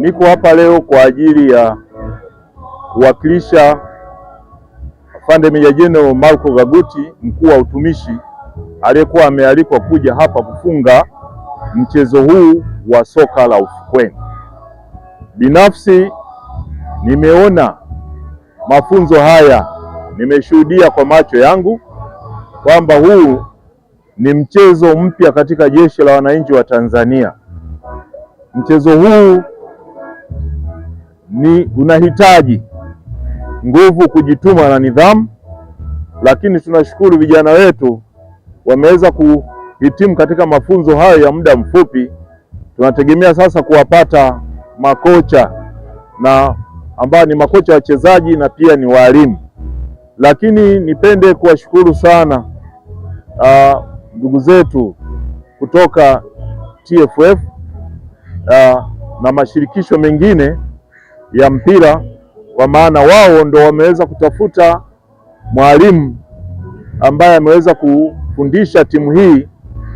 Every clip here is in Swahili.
Niko hapa leo kwa ajili ya kuwakilisha afande Meja Jenerali Marco Gaguti, mkuu wa utumishi, aliyekuwa amealikwa kuja hapa kufunga mchezo huu wa soka la ufukweni. Binafsi nimeona mafunzo haya, nimeshuhudia kwa macho yangu kwamba huu ni mchezo mpya katika jeshi la wananchi wa Tanzania. Mchezo huu ni unahitaji nguvu, kujituma na nidhamu, lakini tunashukuru vijana wetu wameweza kuhitimu katika mafunzo hayo ya muda mfupi. Tunategemea sasa kuwapata makocha na ambao ni makocha wachezaji na pia ni walimu, lakini nipende kuwashukuru sana ndugu zetu kutoka TFF aa, na mashirikisho mengine ya mpira, kwa maana wao ndo wameweza kutafuta mwalimu ambaye ameweza kufundisha timu hii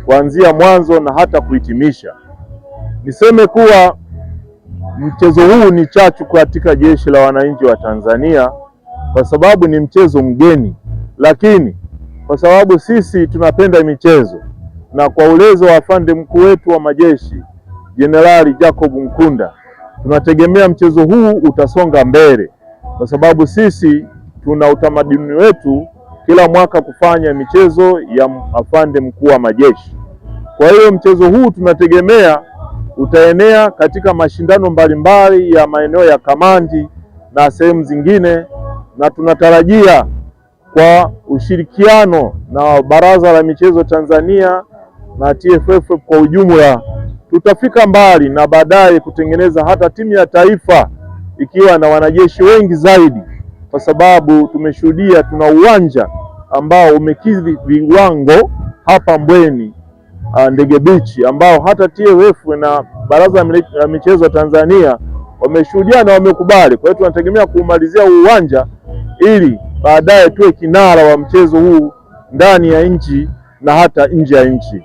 kuanzia mwanzo na hata kuhitimisha. Niseme kuwa mchezo huu ni chachu katika Jeshi la Wananchi wa Tanzania kwa sababu ni mchezo mgeni, lakini kwa sababu sisi tunapenda michezo na kwa ulezo wa afande mkuu wetu wa majeshi Jenerali Jacob Mkunda tunategemea mchezo huu utasonga mbele, kwa sababu sisi tuna utamaduni wetu kila mwaka kufanya michezo ya afande mkuu wa majeshi. Kwa hiyo mchezo huu tunategemea utaenea katika mashindano mbalimbali ya maeneo ya Kamandi na sehemu zingine, na tunatarajia kwa ushirikiano na Baraza la Michezo Tanzania na TFF kwa ujumla tutafika mbali na baadaye kutengeneza hata timu ya taifa ikiwa na wanajeshi wengi zaidi, kwa sababu tumeshuhudia tuna uwanja ambao umekidhi viwango hapa Mbweni ah, Ndege Beach, ambao hata TFF na Baraza la Michezo Tanzania wameshuhudia na wamekubali. Kwa hiyo tunategemea kuumalizia uwanja ili baadaye tuwe kinara wa mchezo huu ndani ya nchi na hata nje ya nchi.